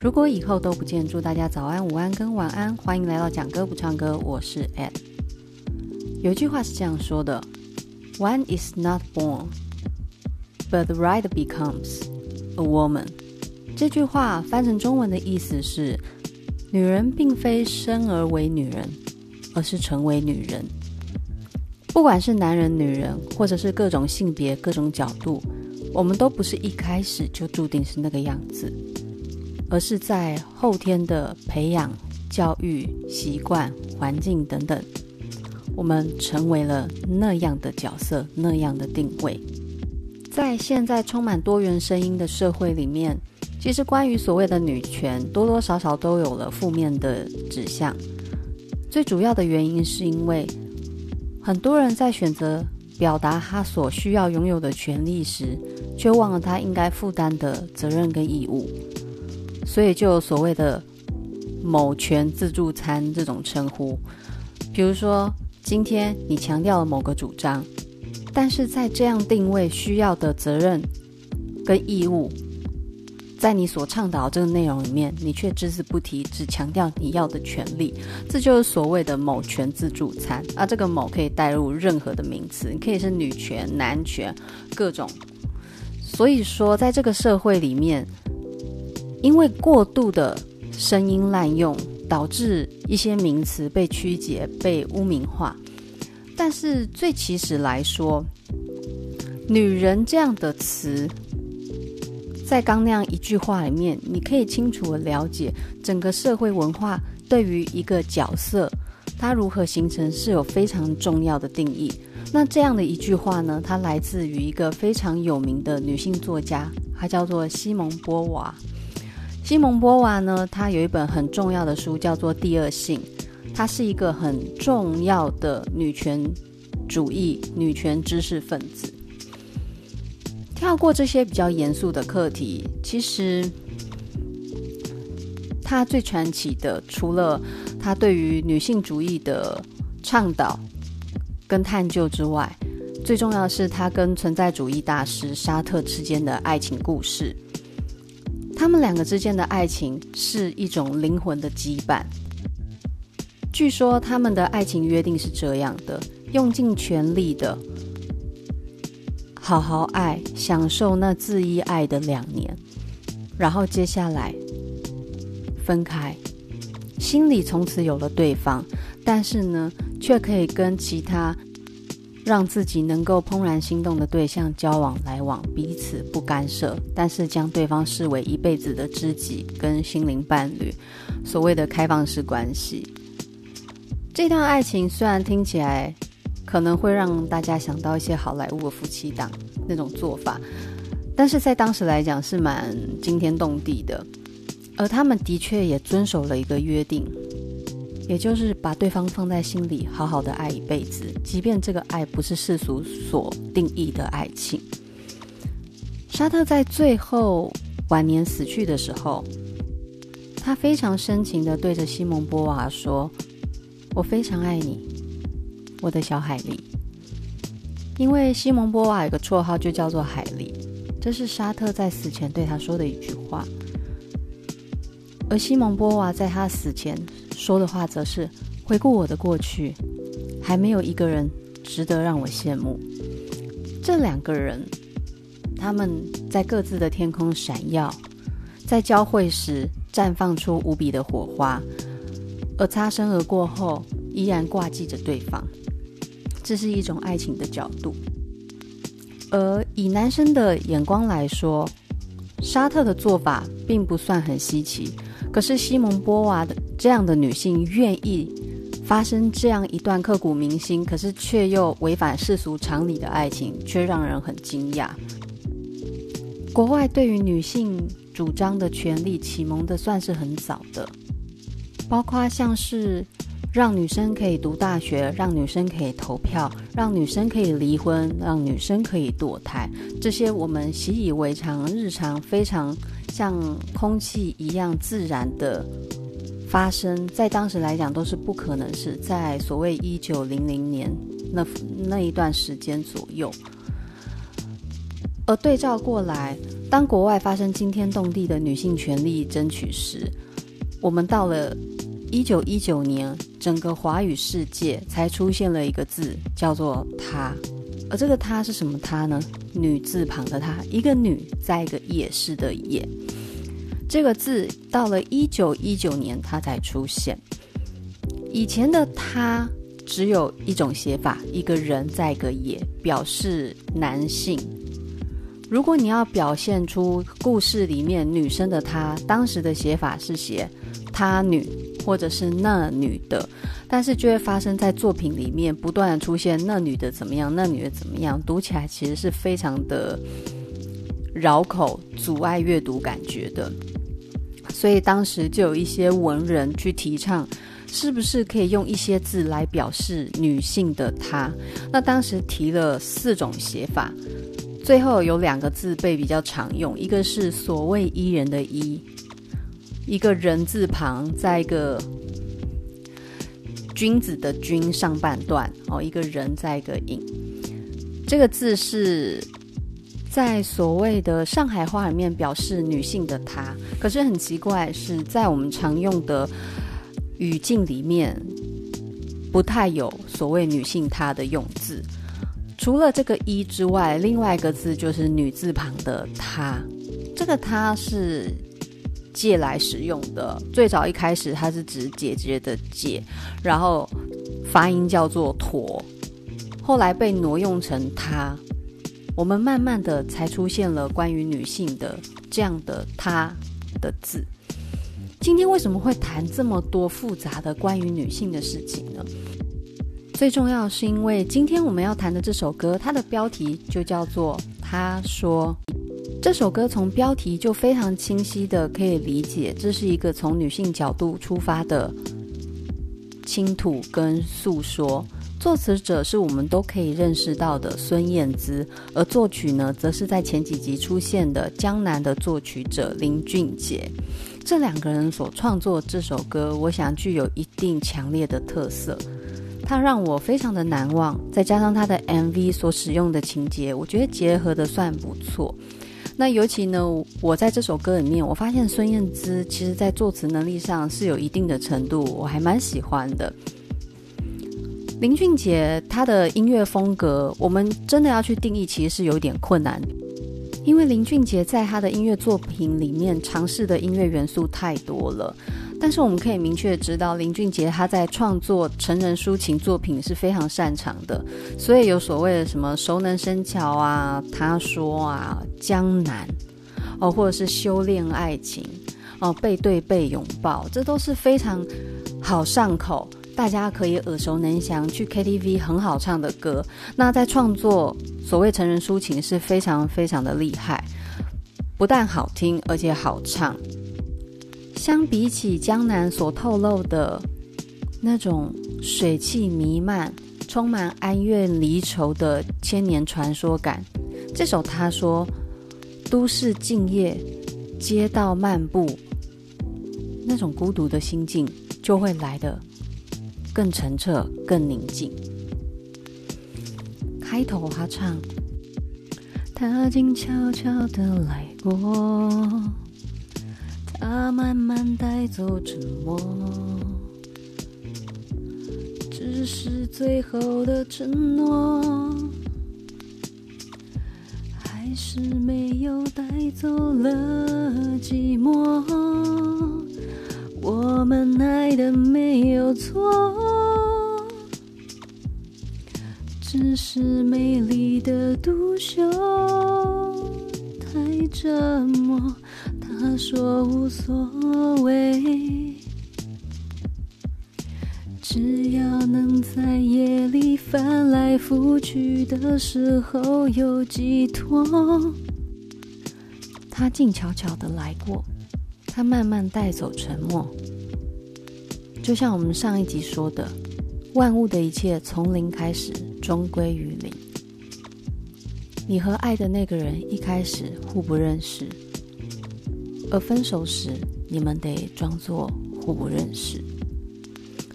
如果以後都不見，祝大家早安、午安跟晚安。歡迎來到講歌不唱歌，我是 Ed。有一句話是這樣說的：“One is not born, but rather becomes a woman。”這句話翻成中文的意思是：女人並非生而為女人，而是成為女人。不管是男人、女人，或者是各種性別、各種角度，我們都不是一開始就注定是那個樣子。而是在後天的培養、教育、習慣、環境等等，我們成為了那樣的角色、那樣的定位。在現在充滿多元聲音的社會裡面，其實關於所謂的女權，多多少少都有了負面的指向。最主要的原因是因為很多人在選擇表達他所需要擁有的權利時，卻忘了他應該負擔的責任跟義務。所以就有所謂的“某權自助餐”這種稱呼，比如說今天你強調了某個主張，但是在這樣定位需要的責任跟義務，在你所倡導這個內容裡面，你卻只字不提，只強調你要的權利，這就是所謂的“某權自助餐”。啊，這個“某”可以代入任何的名詞，你可以是女權、男權，各種。所以說，在這個社會裡面。因為過度的聲音濫用，導致一些名詞被曲解、被汙名化。但是，最起始來說，女人這樣的詞，在剛那樣一句話裡面，你可以清楚地了解整個社會文化對於一個角色它如何形成是有非常重要的定義。那這樣的一句話呢，它來自於一個非常有名的女性作家，她叫做西蒙波娃。西蒙波娃呢，他有一本很重要的書，叫做《第二性》，他是一個很重要的女權主義女權知識分子。跳過這些比較嚴肅的課題，其實他最傳奇的，除了他對於女性主義的倡導跟探究之外，最重要的是他跟存在主義大師沙特之間的愛情故事。他們兩個之間的愛情是一種靈魂的羈絆。據說他們的愛情約定是這樣的：用盡全力的好好愛，享受那恣意愛的兩年，然後接下來分開，心裡從此有了對方，但是呢，卻可以跟其他讓自己能夠怦然心動的對象交往來往，彼此不干涉，但是將對方視為一輩子的知己跟心靈伴侶，所謂的開放式關係。這段愛情雖然聽起來可能會讓大家想到一些好萊塢的夫妻檔那種做法，但是在當時來講是蠻驚天動地的，而他們的確也遵守了一個約定。也就是把對方放在心裡，好好的愛一輩子，即便這個愛不是世俗所定義的愛情。沙特在最後晚年死去的時候，他非常深情地對着西蒙波娃說：“我非常愛你，我的小海狸。”因為西蒙波娃有個綽號就叫做海狸。這是沙特在死前對他說的一句話。而西蒙波娃在他死前。說的話則是：回顧我的過去，還沒有一個人值得讓我羨慕。這兩個人，他們在各自的天空閃耀，在交匯時綻放出無比的火花，而擦身而過後依然掛記着對方。這是一種愛情的角度。而以男生的眼光來說，沙特的做法並不算很稀奇，可是西蒙波娃的。這樣的女性願意發生這樣一段刻骨銘心，可是卻又違反世俗常理的愛情，卻讓人很驚訝。國外對於女性主張的權利啟蒙的算是很早的，包括像是讓女生可以讀大學，讓女生可以投票，讓女生可以離婚，讓女生可以墮胎，這些我們習以為常，日常非常像空氣一樣自然的，發生在當時來講都是不可能，是在所謂一九零零年那那一段時間左右。而對照過來，當國外發生驚天動地的女性權利爭取時，我們到了一九一九年，整個華語世界才出現了一個字，叫做“她”。而這個“她”是什麼“她”呢？女字旁的“她”，一個女在一個也是的「也」。這個字到了一九一九年，它才出現。以前的他只有一種寫法，一個人在一個也，表示男性。如果你要表現出故事裡面女生的她，當時的寫法是寫“他女”或者是“那女的”，但是就會發生在作品裡面不斷的出現“那女的怎麼樣，那女的怎麼樣”，讀起來其實是非常的繞口，阻礙閱讀感覺的。所以當時就有一些文人去提倡，是不是可以用一些字來表示女性的她？那當時提了四種寫法，最後有兩個字被比較常用，一個是所謂“伊人”的“伊”，一個人字旁在一個“君子”的“君”上半段，哦，一個人在一個“尹”，這個字是。在所謂的上海話裡面，表示女性的“她”，可是很奇怪，是在我們常用的語境裡面，不太有所謂女性“她”的用字。除了這個“一”之外，另外一個字就是女字旁的“她”。這個“她”是借來使用的，最早一開始她是指姐姐的“姐”，然後發音叫做“陀”，後來被挪用成“她”。我們慢慢的才出現了關於女性的這樣的“她”的字。今天為什麼會談這麼多複雜的關於女性的事情呢？最重要是因為今天我們要談的這首歌，它的標題就叫做《她說》。這首歌從標題就非常清晰的可以理解，這是一個從女性角度出發的傾吐跟訴說。作詞者是我們都可以認識到的孫燕姿，而作曲呢，則是在前幾集出現的江南的作曲者林俊傑。這兩個人所創作這首歌，我想具有一定強烈的特色，它讓我非常的難忘。再加上他的 MV 所使用的情節，我覺得結合的算不錯。那尤其呢，我在這首歌裡面，我發現孫燕姿其實在作詞能力上是有一定的程度，我還蠻喜歡的。林俊杰他的音樂風格，我們真的要去定義，其實是有一點困難，因為林俊杰在他的音樂作品裡面嘗試的音樂元素太多了。但是我們可以明確知道，林俊杰他在創作成人抒情作品是非常擅長的，所以有所謂的什麼“熟能生巧”啊，她說啊“江南”，哦，或者是“修煉愛情”，哦，“背對背擁抱”，這都是非常好上口。大家可以耳熟能詳，去 KTV 很好唱的歌。那在創作所謂成人抒情是非常非常的厲害，不但好聽，而且好唱。相比起江南所透露的那種水汽彌漫、充滿哀怨離愁的千年傳說感，這首他說，都市靜夜，街道漫步，那種孤獨的心境就會來的。更澄澈，更寧靜。開頭他唱，她靜悄悄地來過，她慢慢帶走沉默，只是最後的承諾，還是沒有帶走了寂寞。我們愛的沒有錯，只是美麗的獨秀太折磨。她說無所謂，只要能在夜裡翻來覆去的時候有寄託。她靜悄悄的來過。它慢慢帶走沉默，就像我們上一集說的，萬物的一切從零開始，終歸於零。你和愛的那個人一開始互不認識，而分手時你們得裝作互不認識。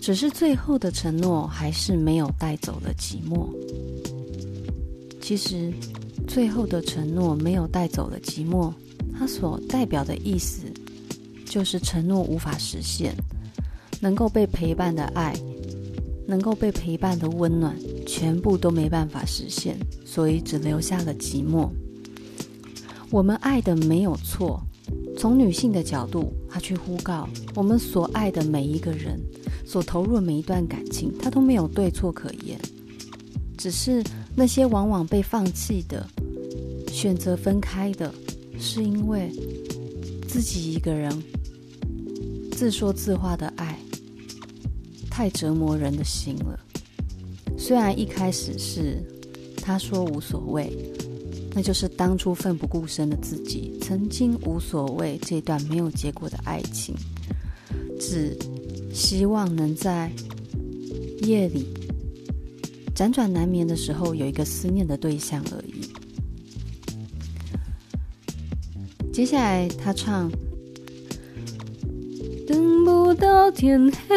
只是最後的承諾還是沒有帶走了寂寞。其實，最後的承諾沒有帶走了寂寞，它所代表的意思。就是承諾無法實現，能夠被陪伴的愛，能夠被陪伴的溫暖，全部都沒辦法實現，所以只留下了寂寞。我們愛的沒有錯，從女性的角度，她去呼告我們所愛的每一個人，所投入的每一段感情，她都沒有對錯可言。只是那些往往被放棄的，選擇分開的，是因為自己一個人。自說自話的愛，太折磨人的心了。雖然一開始是他說無所謂，那就是當初奮不顧身的自己，曾經無所謂這段沒有結果的愛情，只希望能在夜裡輾轉難眠的時候有一個思念的對象而已。接下來他唱。到天黑，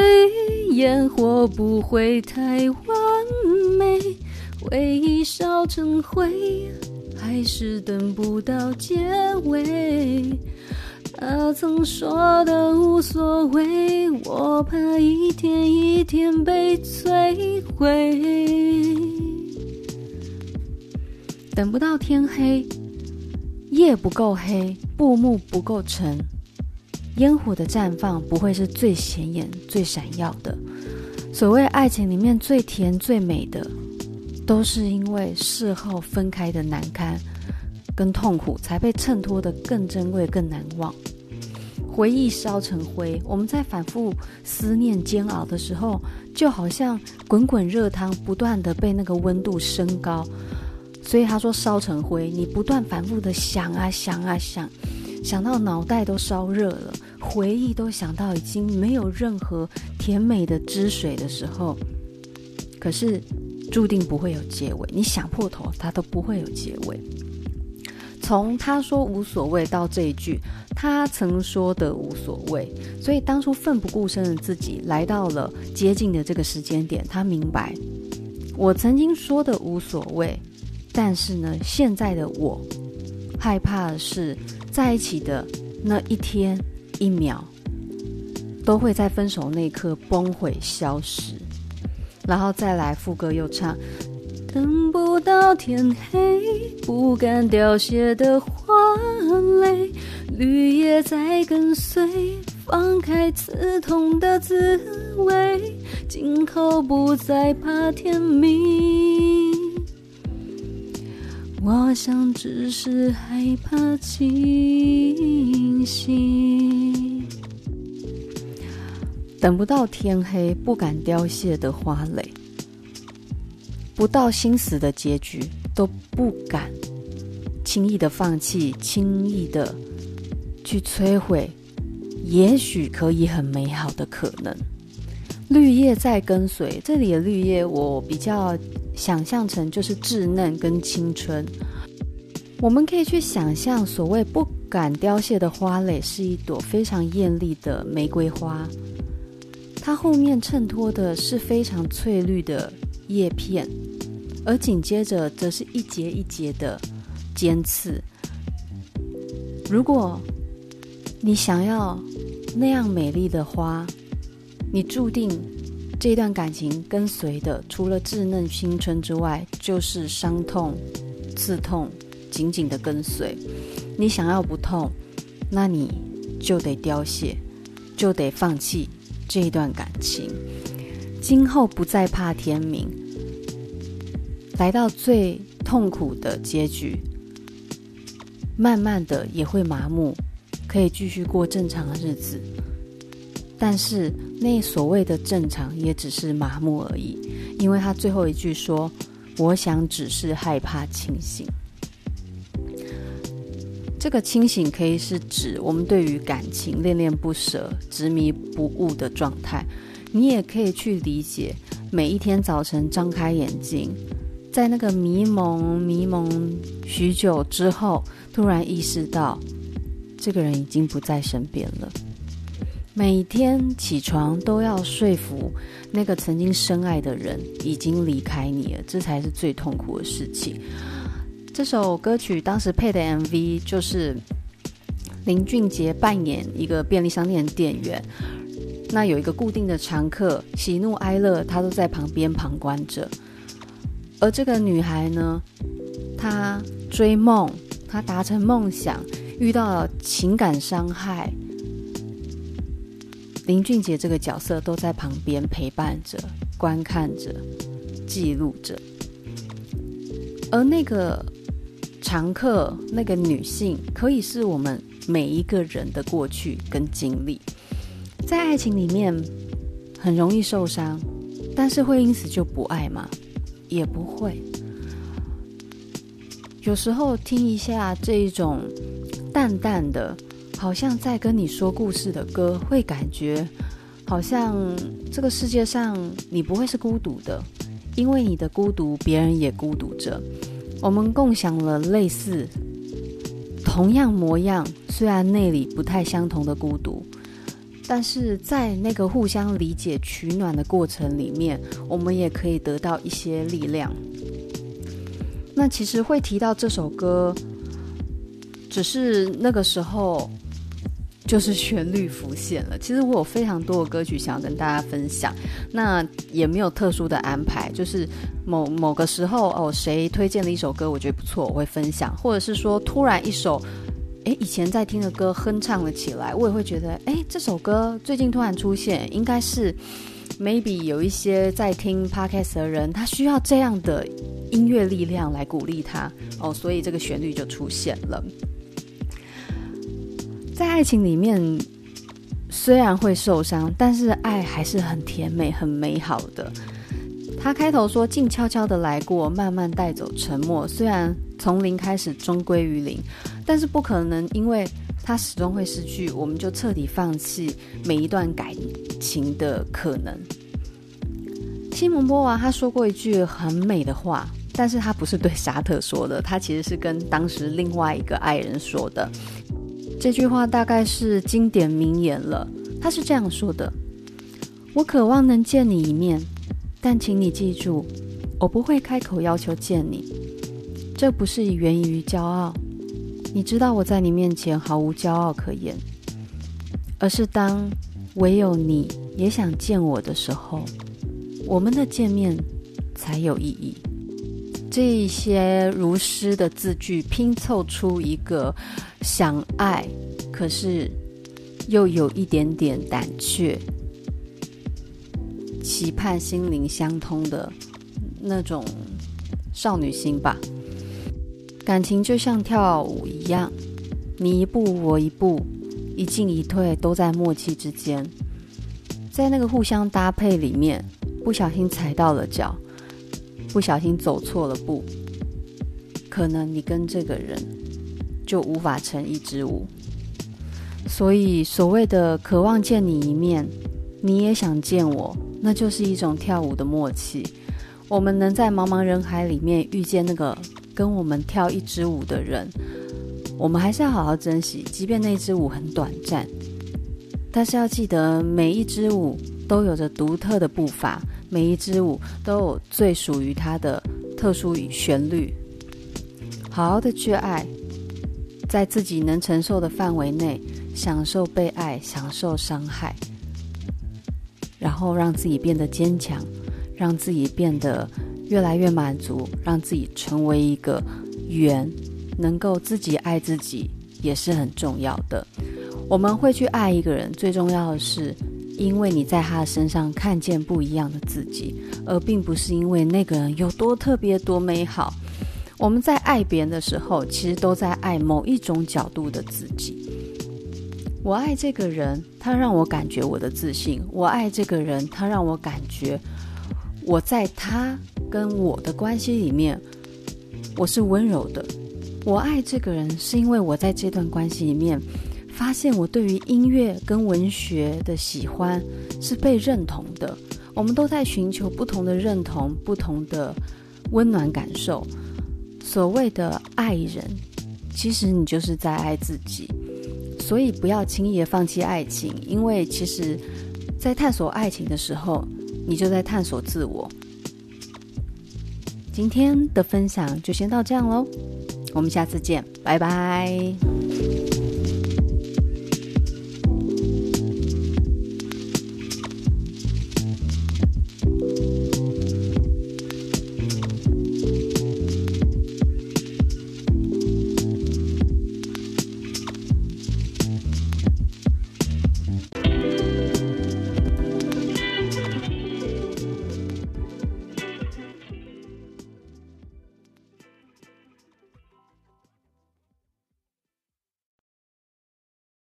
煙火不會太完美，回憶燒成灰，還是等不到結尾。她曾說的無所謂，我怕一天一天被摧毀。等不到天黑，夜不夠黑，布幕不夠沉。煙火的綻放不會是最顯眼、最閃耀的。所謂愛情裡面最甜、最美的，都是因為事後分開的難堪跟痛苦，才被襯托得更珍貴、更難忘。回憶燒成灰，我們在反復思念、煎熬的時候，就好像滾滾熱湯不斷地被那個溫度升高，所以他說燒成灰，你不斷反復地想啊想啊想。想到腦袋都燒熱了，回憶都想到已經沒有任何甜美的汁水的時候，可是注定不會有結尾。你想破頭，它都不會有結尾。從他說無所謂到這一句，他曾說的無所謂，所以當初奮不顧身的自己來到了接近的這個時間點，他明白我曾經說的無所謂，但是呢，現在的我。害怕的是，在一起的那一天一秒，都會在分手那刻崩潰消失，然後再來副歌又唱：等不到天黑，不敢凋謝的花蕾，綠葉在跟隨，放開刺痛的滋味，今後不再怕天明。我想只是害怕清醒，等不到天黑，不敢凋謝的花蕾，不到心死的結局，都不敢輕易的放棄，輕易的去摧毀，也許可以很美好的可能。綠葉在跟隨，這裡的綠葉我比較。想象成就是稚嫩跟青春，我們可以去想象所謂不敢凋謝的花蕾是一朵非常艷麗的玫瑰花，它後面襯托的是非常翠綠的葉片，而緊接着則是一節一節的尖刺。如果你想要那樣美麗的花，你注定。這段感情跟隨的，除了稚嫩青春之外，就是傷痛、刺痛，緊緊的跟隨。你想要不痛，那你就得凋謝，就得放棄這一段感情。今後不再怕天明，來到最痛苦的結局，慢慢的也會麻木，可以繼續過正常的日子。但是那所謂的正常，也只是麻木而已，因為他最後一句說：“我想只是害怕清醒。”這個清醒可以是指我們對於感情戀戀不捨、執迷不悟的狀態，你也可以去理解，每一天早晨張開眼睛，在那個迷蒙迷蒙許久之後，突然意識到這個人已經不在身邊了。每天起床都要說服那個曾經深愛的人已經離開你了，這才是最痛苦的事情。這首歌曲當時配的 MV 就是林俊傑扮演一個便利商店的店員，那有一個固定的常客，喜怒哀樂他都在旁邊旁觀着。而這個女孩呢，她追夢，她達成夢想，遇到了情感傷害。林俊傑這個角色都在旁邊陪伴着、觀看着、記錄着，而那個常客那個女性，可以是我們每一個人的過去跟經歷。在愛情裡面很容易受傷，但是會因此就不愛嗎？也不會。有時候聽一下這一種淡淡的。好像在跟你說故事的歌，會感覺好像這個世界上你不會是孤獨的，因為你的孤獨，別人也孤獨着。我們共享了類似同樣模樣，雖然內裡不太相同的孤獨，但是在那個互相理解取暖的過程裡面，我們也可以得到一些力量。那其實會提到這首歌，只是那個時候。就是旋律浮現了。其實我有非常多的歌曲想要跟大家分享，那也沒有特殊的安排，就是某某個時候哦，誰推薦了一首歌，我覺得不錯，我會分享；或者是說突然一首，哎，以前在聽的歌哼唱了起來，我也會覺得，哎，這首歌最近突然出現，應該是 maybe 有一些在聽 Podcast 的人，他需要這樣的音樂力量來鼓勵他，哦，所以這個旋律就出現了。在愛情裡面，雖然會受傷，但是愛還是很甜美、很美好的。他開頭說：“靜悄悄地來過，慢慢帶走沉默。雖然從零開始，終歸於零，但是不可能，因為他始終會失去，我們就徹底放棄每一段感情的可能。”西蒙波娃他說過一句很美的話，但是他不是對沙特說的，他其實是跟當時另外一個愛人說的。這句話大概是經典名言了，他是這樣說的：“我渴望能見你一面，但請你記住，我不會開口要求見你。這不是源於驕傲，你知道我在你面前毫無驕傲可言，而是當唯有你也想見我的時候，我們的見面才有意義。”這一些如詩的字句拼湊出一個想愛，可是又有一點點膽怯，期盼心靈相通的那種少女心吧。感情就像跳舞一樣，你一步我一步，一進一退都在默契之間，在那個互相搭配裡面，不小心踩到了腳。不小心走錯了步，可能你跟這個人就無法成一支舞。所以，所謂的渴望見你一面，你也想見我，那就是一種跳舞的默契。我們能在茫茫人海裡面遇見那個跟我們跳一支舞的人，我們還是要好好珍惜。即便那支舞很短暫，但是要記得，每一支舞都有着獨特的步伐。每一支舞都有最屬於它的特殊與旋律。好好的去愛，在自己能承受的範圍內，享受被愛，享受傷害，然後讓自己變得堅強，讓自己變得越來越滿足，讓自己成為一個圓，能夠自己愛自己也是很重要的。我們會去愛一個人，最重要的是。因為你在他的身上看見不一樣的自己，而並不是因為那個人有多特別、多美好。我們在愛別人的時候，其實都在愛某一種角度的自己。我愛這個人，他讓我感覺我的自信；我愛這個人，他讓我感覺我在他跟我的關係裡面，我是溫柔的。我愛這個人，是因為我在這段關係裡面。發現我對於音樂跟文學的喜歡是被認同的，我們都在尋求不同的認同、不同的溫暖感受。所謂的愛人，其實你就是在愛自己，所以不要輕易地放棄愛情，因為其實，在探索愛情的時候，你就在探索自我。今天的分享就先到這樣嘍，我們下次見，拜拜。